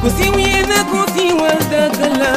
kusiwe na kusiwa da kala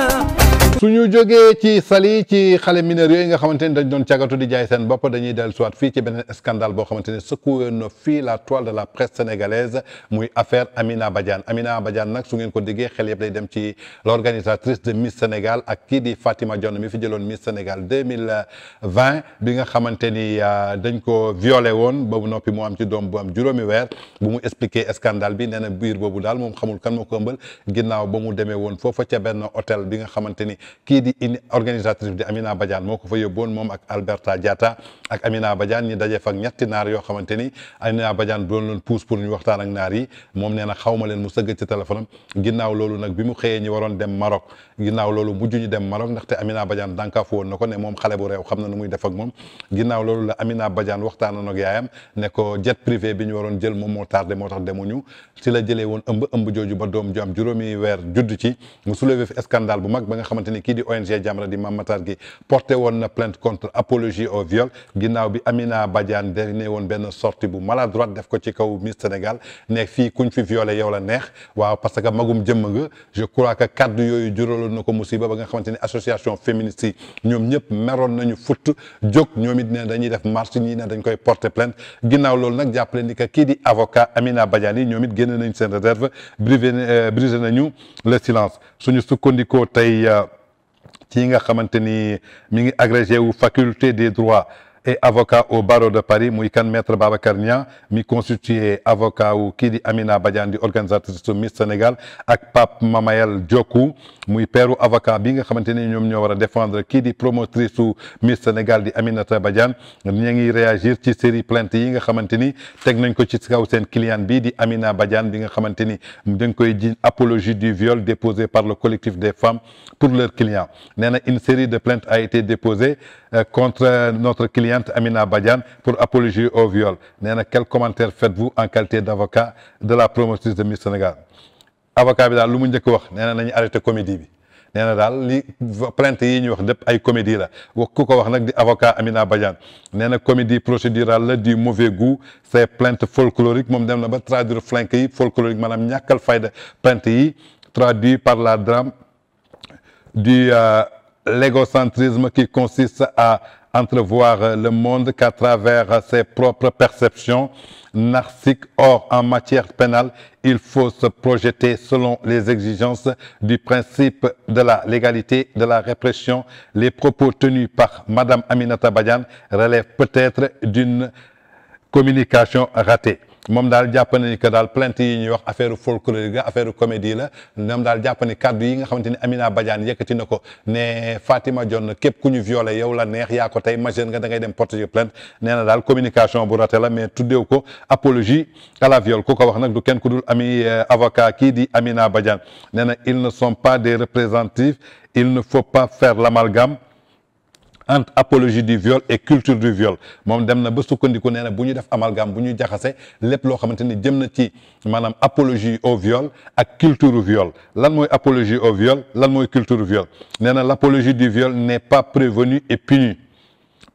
ñu jógee ci sali ci xale mineur yooyu nga xamante ni dañ doon cagatu di jaay seen bopp dañuy dellu siwaat fii ci beneen scandale boo xamante ne secoué na fii la toile de la presse sénégalaise muy affaire Amina Badiane Amina Badiane nak su ngeen ko déggee xel yëpp day dem ci l'organisatrice de Miss Sénégal ak kii di Fatima Dione mi fi jëloon Miss Sénégal 2020 bi nga xamante ni euh, dañ ko violé woon ba noppi mu am ci doom bu am juróomi weer bu mu expliqué scandale bi nee na biir boobu daal moom xamul kan moo ko ëmbal ginnaaw ba mu demee woon foofa ca benn hôtel bi nga xamante ni kii di une organisatrice bi di Amina Badiane moo ko fa yóbboon moom ak Alberta Diatta ak Amina Badiane ñi daje fa ak naar yoo xamante ni Amina Badiane doon leen pousse pour ñu waxtaan ak naar yi moom nee na xaw ma leen mu sëgg ci téléphone am ginnaaw loolu nag bi mu xëyee ñi waroon dem Maroc ginnaaw loolu mujj ñu dem Maroc ndaxte Amina Badiane dànkaafu woon na ko ne moom xale bu réew xam na nu muy def ak moom ginnaaw loolu la Amina Badiane waxtaanoon ak yaayam ne ko jet privé bi ñu waroon jël moom moo tardé moo tax demuñu si la jëlee woon ëmb ëmb jooju ba doom ju am juróomi weer judd ci mu soulevé fi bu mag ba nga xamante ni kii di ONG Jamra di Mame Matar Gueye porté woon na plainte contre apologie au viol ginnaaw bi Amina Badiane derne woon benn sortie bu maladroite def ko ci kaw Miss Sénégal ne fii kuñ fi violé yow la neex waaw parce que magum jëmm nga je crois que kaddu yooyu juraloon na ko musiba ba nga xamante ni association féministe yi ñoom ñëpp meroon nañu futt jog ñoom it ne dañuy def marché ñii ne dañ koy porté plainte ginnaaw loolu nag jàppale ni que kii di avocat Amina Badiane yi ñoom it génn nañ seen réserve euh, brisé nañu le silence suñu sukkandikoo tey euh, kii nga xamante ni mi ngi agrégé wu faculté des droits et avoca au barreau de Paris muy kan maître Babacar Niang mi constitué avocat wu kii di Amina Badiane di organisatrice Miss Sénégal ak Pape Mamayel Diokou muy peeru avocat bi nga xamante ni ñoom ñoo war a défendre kii di promotrice su Miss Sénégal di Aminata bajan ñu ngi réagir ci série plainte yi nga xamante ni teg nañ ko ci kaw seen client bi di Amina bajan bi nga xamante ni dañ koy ji apologie du viol déposé par le collectif des femmes pour leurs clients nee na une série de plaintes a été déposée euh, contre plaignante Amina Badiane pour apologie au viol nee na quel commentaire faites-vous en qualité d'avocat de la promotrice de Miss Sénégal avocat bi daal lu mu njëkk wax nee na nañu arrêté comédie bi nee na daal li plainte yi ñu wax lépp ay comédie la wax ku ko wax nag di avocat Amina Badiane nee comédie procédurale la du mauvais goût c'est plainte folklorique moom dem na ba traduire flank yi folklorique maanaam ñàkkal fayda plainte yi traduit par la drame du euh, entrevoir euh, le monde qu'à travers euh, ses propres perceptions narcissiques. Or, en matière pénale, il faut se projeter selon les exigences du principe de la légalité de la répression. Les propos tenus par Madame Aminata Badian relèvent peut-être d'une communication ratée. moom daal jàpp nañu que daal plainte yi ñuy wax affaire folklorique la affaire comédie la moom daal jàpp ni kaddu yi nga xamante ni Amina Badiane yëkkati na ko ne Fatima Dione képp ku ñu violé yow la neex yaa ko tey majeur nga da ngay dem porter plainte nee na daal communication bu raté la mais tuddeew ko apologie a la viol ku ko wax nag du kenn ku dul ami euh, avocat kii di Amina Badiane nee na ils ne son pas des représentatifs il ne faut pas faire l'amalgame entre apologie du viol et culture du viol moom dem na ba sukkandiku nee na bu ñu def amalgame bu ñu jaxase lépp loo xamante ni jëm na ci maanaam apologie au viol ak culture viol lan mooy apologie au viol lan mooy culture viol nee na l'apologie du viol n'est pas prévenue et punie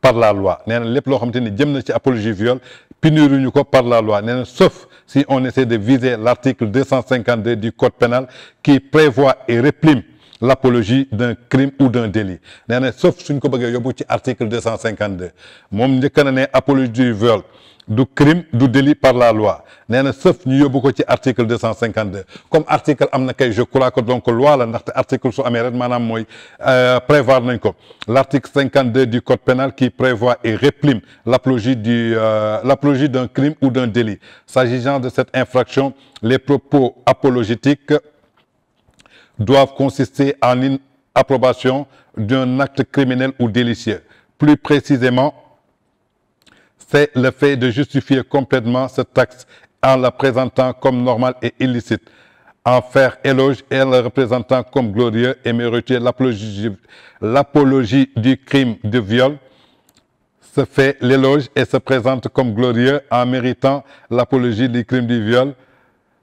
par la loi nee na lépp loo xamante ni jëm na ci apologie viol ñu ko par la loi nee na sauf si on essaie de viser l'article 252 du code pénal qui prévoit et réprime l'apologie d'un crime ou d'un délit nee na sauf suñ ko bëggee yóbbu ci article 252 moom njëkk na ne apologie du viol du crime du délit par la loi nee na sauf ñu yóbbu ko ci article 252 comme article am na kay je crois que donc loi la ndaxte article su maanaam mooy euh, prévoir nañ ko l'article 52 du code pénal qui prévoit et réprime l'apologie du euh, l'apologie d'un crime ou d'un délit s'agissant de cette infraction les propos apologétiques doivent consister en une approbation d'un acte criminel ou délicieux. Plus précisément, c'est le fait de justifier complètement ce taxe en la présentant comme normale et illicite, en faire éloge et en la représentant comme glorieux et mériter l'apologie du crime de viol, se fait l'éloge et se présente comme glorieux en méritant l'apologie du crime du viol,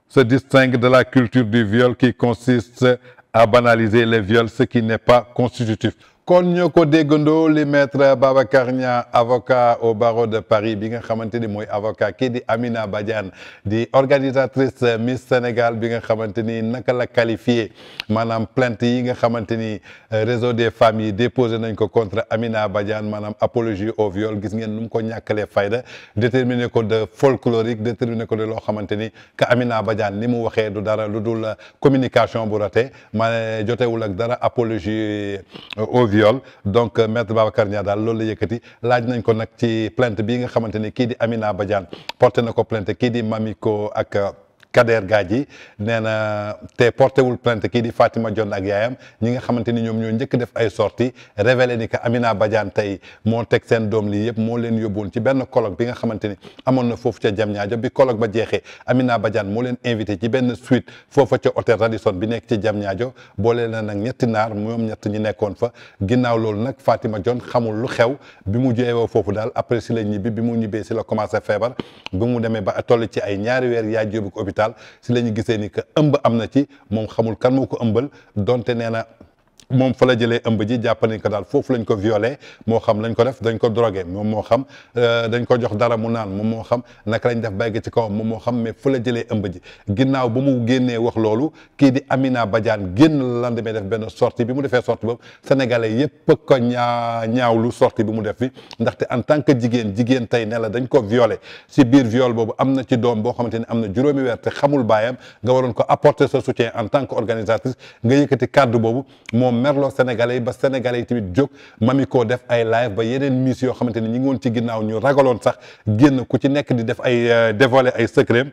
se distingue de la culture du viol qui consiste à banaliser les viols, ce qui n'est pas constitutif. kon ñoo ko déggandoo li maître Babacar Niang avocat au barreau de Paris bi nga xamante ni mooy avocat kii di Amina Badiane di organisatrice Miss Sénégal bi nga xamante ni naka la qualifié maanaam plainte yi nga xamante ni euh, réseau des femmes yi déposé nañ ko contre Amina Badiane maanaam apologie au viol gis ngeen nu ko ñàkkalee fayda déterminé ko de folklorique déterminé ko de loo xamante ni Amina Badiane ni mu waxee du dara lu dul communication bu raté ma jotewul ak dara apologie euh, yool donc euh, maître Babacar Niang daal loolu la yëkkati laaj nañ ko nag ci plainte bii nga xamante ni kii di Amina Badiane porté na ko plainte kii di ko ak euh, Kader Gadji nee na te porté wul kii di Fatima Dione ak yaayam ñi nga xamante ni ñoom ñoo njëkk def ay sorties révélé ni que Amina Badiane tey moo teg seen doom lii yëpp moo leen yóbbuwoon ci benn colloque bi nga xamante ni amoon na foofu ca Diamniadio bi colloque ba jeexee Amina Badiane moo leen invité ci benn suite foofa ca hôtel Radisson bi nekk ci Diamniadio boole na nag ñetti naar moom ñett ñi nekkoon fa ginnaaw loolu nag Fatima Dione xamul lu xew bi mu jeewoo foofu daal après si la bi mu ñibbee si la commencé feebar bi mu demee ba toll ci ay ñaari weer yaay yóbbu ko Sénégal si la ñu gisee ni que ëmb am na ci moom xamul kan moo ko ëmbal donte nee na moom fa la jëlee ëmba ji jàpp nañ ko daal foofu lañ ko violé moo xam lañ ko def dañ ko drogué moom moo xam euh, dañ ko jox dara mu naan moom moo xam naka lañ def bayga ci kawam moom moo xam mais fa la jëlee ëmba ji ginnaaw ba mu génnee wax loolu kii di Amina jaan génn la lendemain def benn sortie bi mu defee sortie boobu sénégalais yépp ko ñaa lu sorti bi mu def fi ndaxte en tant que jigéen jigéen tey ne la dañ ko violé si biir viol boobu am na ci doom boo xamante ni am na juróomi weer te xamul nga waroon ko apporter sa soutien en tant que organisatrice nga kàddu boobu merloo sénégalais yi ba sénégalais yi tamit jóg mami koo def ay live ba yeneen miss yoo xamante ni ñi ngi woon ci ginnaaw ñu ragaloon sax génn ku ci nekk di def ay euh, dévoiler ay secret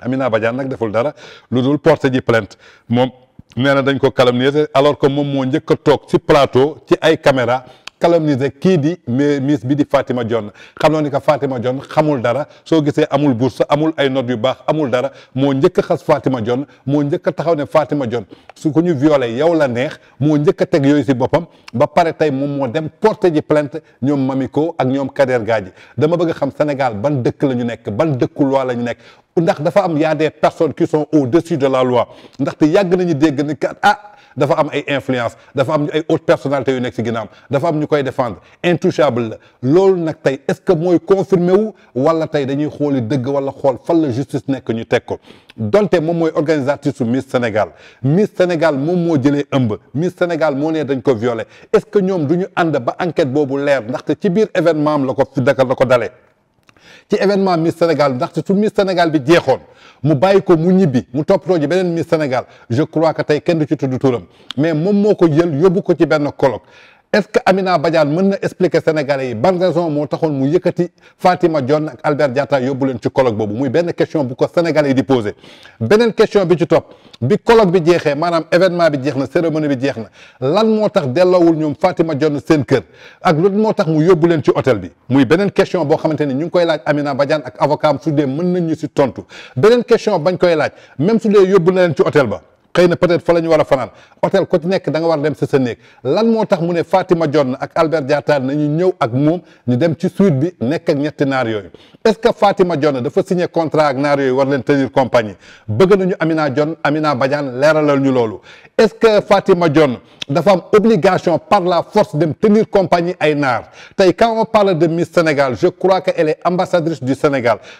Amina Badiane nag deful dara lu dul porter ji plant moom nee na dañ ko calomnier alors que moom moo njëkk a toog si plateau ci ay caméra calomniser kii di miss bi di Fatima Dione xam naa ni que Fatima Dione xamul dara soo gisee amul bourse amul ay notes yu baax amul dara moo njëkk a xas Fatima Dione moo njëkk a taxaw ne Fatima Dione su ko ñu violé yow la neex moo njëkk a teg yooyu si boppam ba pare tey moom moo dem porté ji plainte ñoom ko ak ñoom Kader Gadji dama bëgg xam Sénégal ban dëkk la ñu nekk ban dëkku loi la ñu nekk ndax dafa am y a des personnes qui sont au-dessus de la loi ndaxte yàgg nañu dégg ni ah, dafa am ay influence dafa am ñu ay haute personnalité yu nekk ci ginnaam dafa am ñu koy défendre intouchable la loolu nag tey est-ce que mooy confirmé wu wala tey dañuy xooli dëgg wala xool fan la justice nekk ñu teg ko donte moom mooy organisatrice su Miss Sénégal Miss Sénégal moom moo jëlee ëmb Miss Sénégal moo nee dañ ko violé est-ce que ñoom du ñu ànd ba enquête boobu leer ndaxte ci biir événement am la ko fi la ko dalee ci événement Miss Sénégal bi ndaxte su Miss Sénégal bi jeexoon mu bàyyi ko mu ñibbi mu toppatoo ji beneen Miss Sénégal je crois que tey kenn du ci tudd turam mais moom moo ko jël yóbbu ko ci benn colloque est-ce que Amina Badiane mën na expliquer Sénégalais yi ban raison moo taxoon mu yëkkati Fatima Dione ak Albert Diatta yóbbu leen ci colloque boobu muy benn question bu ko Sénégalais yi di posé beneen question bi ci top bi colloque bi jeexee maanaam événement bi jeex na cérémonie bi jeex na lan moo tax delloowul ñoom Fatima Dione seen kër ak lan moo tax mu yóbbu leen ci hôtel bi muy beneen question boo xamante ni ñu ngi koy laaj Amina Badiane ak avocat am su dee mën nañ ñu si tontu beneen question bañ koy laaj même su dee yóbbu na leen ci ba. xëy na peut-être fa la ñu war a fanaan hôtel ku ci nekk da nga war a dem sa sa néeg lan moo tax mu ne Fatima Dione ak Albert Diatta nañu ñëw ak moom ñu dem ci suite bi nekk ak ñetti naar yooyu est-ce que Fatima Dione dafa signé contrat ak naar yooyu war leen tenir compagnie bëgg nañu Amina Dione Amina Badiane leeralal ñu loolu est-ce que Fatima Dione dafa am obligation par la force dem tenir compagnie ay naar tey quand on parle de Miss Sénégal je crois que elle est ambassadrice du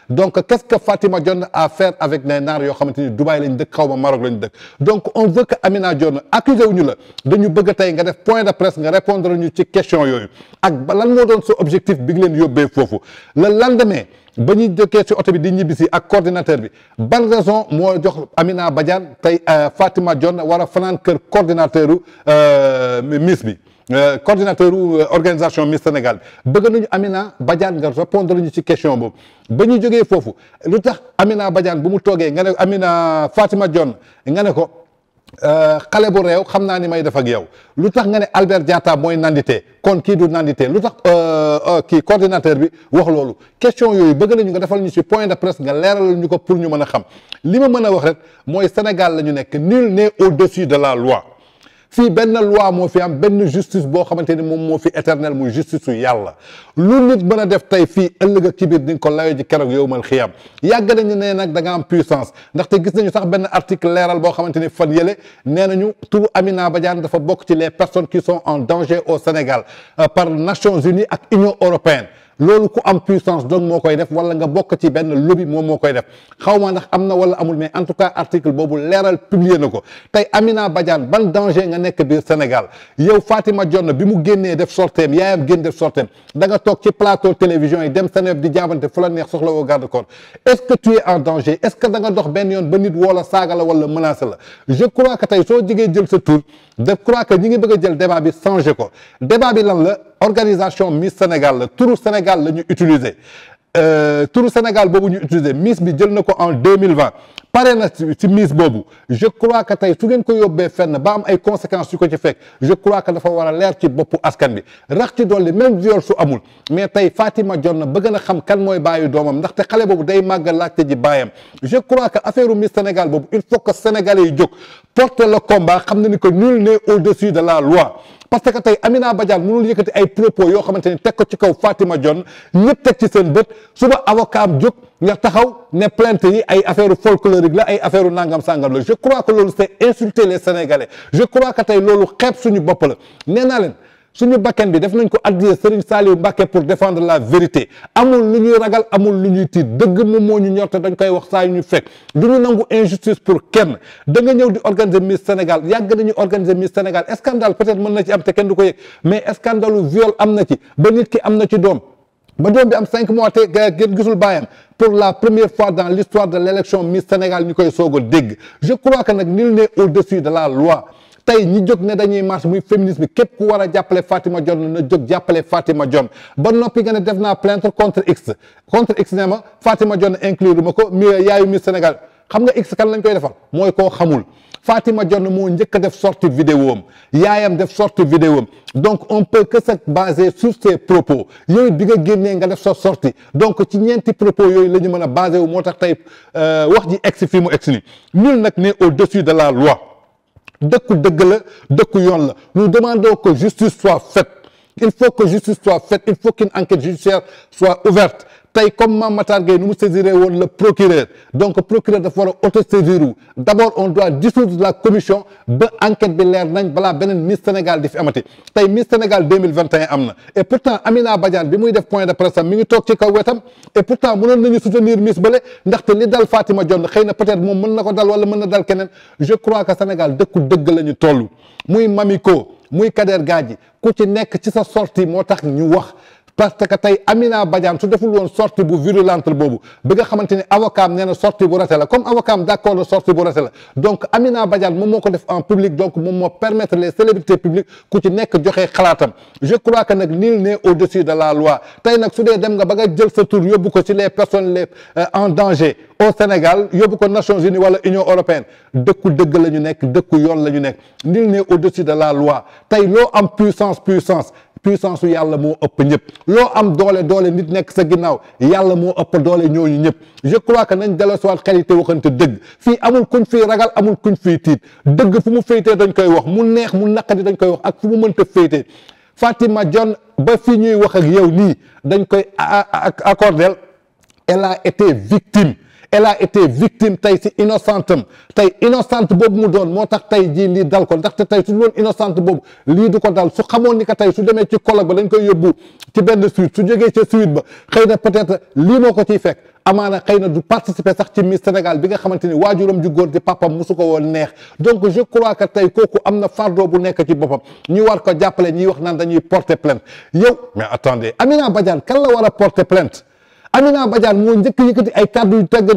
donc qu'est-ce que Fatima Dione a à faire avec naar yoo xamante ni Dubaï lañ dëkk xaw ma Maroc lañ dëkk donc on veut que Amina Dione accusé wuñu la dañu bëgg tey nga def point de presse nga répondre ñu ci question yooyu ak balan lan moo doon sa objectif bi nga leen yóbbee foofu le lendemain ba ñuy jógee ci oto bi di ñibbi si ak coordinateur bi ban raison moo jox Amina Badiane tey euh, Fatima Dione war a fanaan kër coordinateur u euh, miss bi Euh, coordinateur euh, organisation Miss Sénégal bëgg nañu Amina Badiane nga répondre ñu ci question boobu ba ñu jógee foofu lu tax Amina Badiane bu mu toogee nga ne Amina Fatima Dione nga ne ko euh, xale bu réew xam naa ni may def ak yow lu tax nga ne Albert Diatta mooy nandite kon kii du nandite lu tax kii coordinateur bi wax loolu question yooyu bëgg nañu nga defal ñu ci point de presse nga leeral ñu ko pour ñu mën a xam li ma mën a wax rek mooy Sénégal la ñu nekk nul n'est de la loi fii benn loi moo fi am benn justice boo xamante ni moom moo fi éternel muy justice su yàlla lu nit mën a def tey fii ëllëg ak ci biir di ko layoo ji keroog yow mal xiyam yàgg nañu ne nag da nga am puissance ndaxte gis nañu sax benn article leeral boo xamante ni fan yële nee nañu turu Amina Badiane dafa bokk ci les personnes qui son en danger au Sénégal euh, par Nations Unies ak Union européenne loolu ku am puissance donc moo koy def wala nga bokk ci benn lobby moom moo koy def xaw ma ndax am na wala amul mais en tout cas article boobu leeral publier na ko tey Amina Badiane ban danger nga nekk biir Sénégal yow Fatima Dione bi mu génnee def sorteem yaayam génn def sorteem da toog ci plateau télévision yi dem Seneweb di jaabante fu la neex soxla woo garde corps est-ce que tu es en danger est-ce que da nga dox benn yoon ba nit woo la saaga la wala menacé la je crois que tey jël sa tour je crois que ñi ngi bëgg a jël débat bi changé ko débat bi lan la organisation mi Sénégal la turu Sénégal la ñu utiliser Euh, turu Sénégal boobu ñu utilisé Miss bi jël na ko en deux mille vingt pare na ci Miss boobu je crois tey su ko yóbbee fenn ba am ay conséquences yu ko ci fekk je crois que war a leer ci boppu askan bi rax ci dolli même viol su amul mais tey Fatima Dione na na xam kan mooy baayu doomam ndaxte xale boobu day màgg laajte ji baayam je crois que affaire Sénégal boobu il faut que yi jóg porter le combat xam na ni que nul n'est au-dessus de la loi. parce ni teg ko ci suba avocat am jóg nga taxaw ne plainte yi ay affaire folklorique la ay affaire nangam sangam la je crois que loolu c'est insulter les sénégalais je crois que tey loolu xeeb suñu bopp la nee naa leen suñu bakken bi def nañ ko addiye Serigne Saliou Mbacké pour défendre la vérité amul lu ñuy ragal amul lu ñuy tiit dëgg moom moo ñu ñor te dañ koy wax saa yu ñu fekk du ñu nangu injustice pour kenn da nga ñëw di organiser Miss Sénégal yàgg nañu organiser Miss Sénégal scandale peut-être mën na ci am te kenn du ko mais scandalu viol am na ci ba nit ki am na ci doom ba doom bi am cinq mois te gisul baayam pour la première fois dans l'histoire de l'élection Miss Sénégal ñu koy soog dégg je crois que nag nul n'est au-dessus de la loi tey ñi jóg ne dañuy marche muy féminisme bi képp ku war a jàppale Fatima Dione na jóg jàppale Fatima Dione ba noppi nga ne def naa plainte contre X contre X ne ma Fatima Dione inclure ma ko mi yaayu Miss Sénégal xam nga X kan la lañ koy defar mooy koo xamul Fatima Dione moo njëkk a def sortie vidéo am yaayam def sortie vidéo am donc on peut que se base sur ces propos yooyu bi nga génnee nga def sa sortie donc ci ñeenti propos yooyu la ñu mën a basé wu moo tax tey euh, wax ji egsi fii mu egsi ni nul nag ne au-dessus de la loi dëkku dëgg la dëkku yoon la nous demandons que justice soit faite il faut que justice soit faite il faut qu'une enquête judiciaire soit ouverte tey comme Mame Matar Gueye nu mu saisiré woon le procureur donc procureur dafa war a auto saisir wu d' abord on doit dissoudre la bi leer nañ balaa beneen Miss Sénégal am na et pourtant Amina Badiane bi muy def point de presse am mi ngi toog ci kaw wetam et pourtant mënoon nañu soutenir Miss Bale ndaxte li dal Fatima Dione xëy na peut-être moom mën na ko dal wala mën na dal keneen je crois que Sénégal dëkku dëgg la ñu toll muy Mamiko muy Kader Gadji ku ci nekk ci sa sortie moo tax ñu wax parce que tey Amina Badiane su deful woon sortie bu virulente boobu bi nga xamante ni avocat am nee na sortie bu rate la comme avocat am na sortie bu rate donc Amina Badiane moom moo ko def en public donc moom moo permettre les célébrités publiques ku ci nekk joxe xalaatam je crois que nag nul n'est au-dessus de la loi tey nag su dee dem nga ba nga jël sa tur yóbbu ko ci les personnes les euh, en danger au Sénégal yóbbu ko Nations uni wala Union européenne dëkku dëgg la ñu nekk dëkku yoon la ñu nekk nul n'est au-dessus de la loi tey loo am puissance puissance puissance su yàlla moo ëpp ñëpp loo am doole doole nit nekk sa ginnaaw yàlla moo ëpp doole ñooñu ñëpp je crois que nañ delloo si waat qualité waxante dëgg fii amul kuñ fii ragal amul kuñ fii tiit dëgg fu mu féetee dañ koy wax mu neex mu naqadi dañ koy wax ak fu mu mënta féetee Fatima John ba fi ñuy wax ak yow nii dañ koy accordel elle a été victime elle a été victime tey si innocente am tey innocente boobu mu doon moo tax tey jii lii dal ko ndaxte tey su doon innocente boobu lii du ko dal su xamoon ni que tey su demee ci colloque ba dañ koy yóbbu ci benn suite su jógee ca suite ba xëy na peut-être lii moo ko ciy fekk amaana xëy na du participer sax ci Miss Sénégal bi nga xamante ni waajuram ju góor di papam ko woon neex donc je crois que tey kooku am na fardeau bu nekk ci boppam ñu war ko jàppale ñuy wax naan dañuy porter plainte yow mais attendez Amina Badiane kan la war a porter plainte ba Badiane moo njëkk yëkkati ay kàddu yu tegg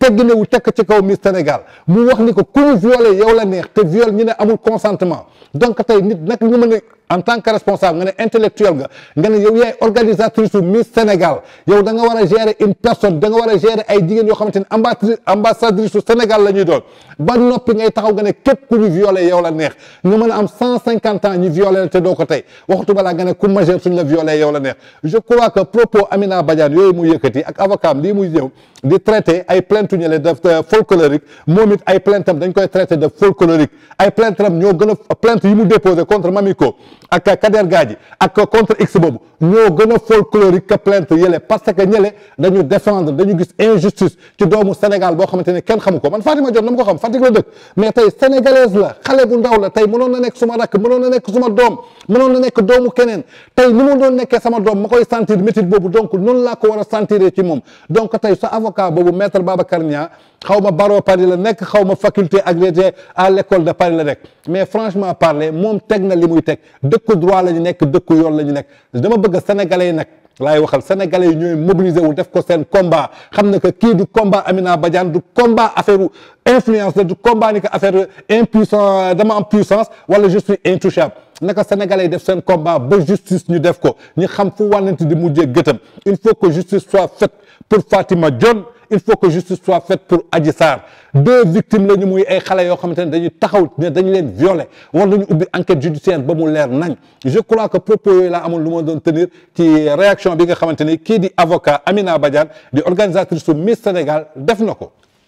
tegg ne wu tekk ci kaw Miss Sénégal mu wax ni ko ku ñu violé yow la neex te viol ñu ne amul consentement donc tey nit nag ñu mën en tant que responsable nga ne intellectuel nga nga ne yow yaay organisatrice su Miss Sénégal yow da nga war a gérer une personne da nga war a gérer ay jigéen yoo xamante ni ambassadrice ambassadrice su Sénégal la ñuy doon ba noppi ngay taxaw nga ne képp ku ñu violé la neex nga mën a am cent cinquante ans ñu violé la te doo ko tey waxtu balaa nga ne ku majeur suñ la violé yow la neex je crois que propos Amina Badiane yooyu muy yëkkati ak avocat am lii muy ñëw di traité ay plainte ñële de euh, folklorique moom it ay plainte am koy traité de folklorique ay ñoo gën a plainte yi mu déposé contre ak Kader Gadji ak contre X boobu ñoo gën a folklorique que plainte yële parce que ñële dañu défendre gis injustice ci doomu Sénégal boo xamante ne kenn xamu ko man Fatima Dione na ma ko xam Fatick la dëkk mais tey sénégalaise la xale bu ndaw la tey mënoon na nekk suma rakk mënoon na nekk suma doom mënoon na nekk doomu keneen tey ni mu doon nekkee sama doom ma koy sentir métit boobu donc noonu laa ko war a sentir ci moom donc tey sa avocat boobu maître Babacar Niang xaw ma barreau Paris la nekk xaw ma faculté agrégée à l'école de Paris la nekk mais franchement parler moom teg na li muy teg dëkku droit la ñu nekk dëkku yoon la ñu nekk bëgg sénégalais yi nag laay waxal sénégalais yi ñooy mobiliser wu def ko seen combat xam ne que kii du combat Amina Badiane du combat affaire influence la du combat ni que affaire impuissance dama am puissance wala je suis intouchable naka sénégalais yi def seen combat ba justice ñu def ko ñu xam fu wànnante di mujjee gëtam il faut que justice soit faite pour Fatima Dione il faut que justice soit faite pour Adji Sarr deux victimes la ñu muy ay xale yoo xamante ne dañu taxaw ne dañu leen violé war nañu ubbi enquête judiciaire ba mu leer nañ je crois que propos yooyu laa amoon lu ma doon tenir ci réaction bi nga xamante ni kii di avocat Amina Badiane di organisatrice su Miss Sénégal def na ko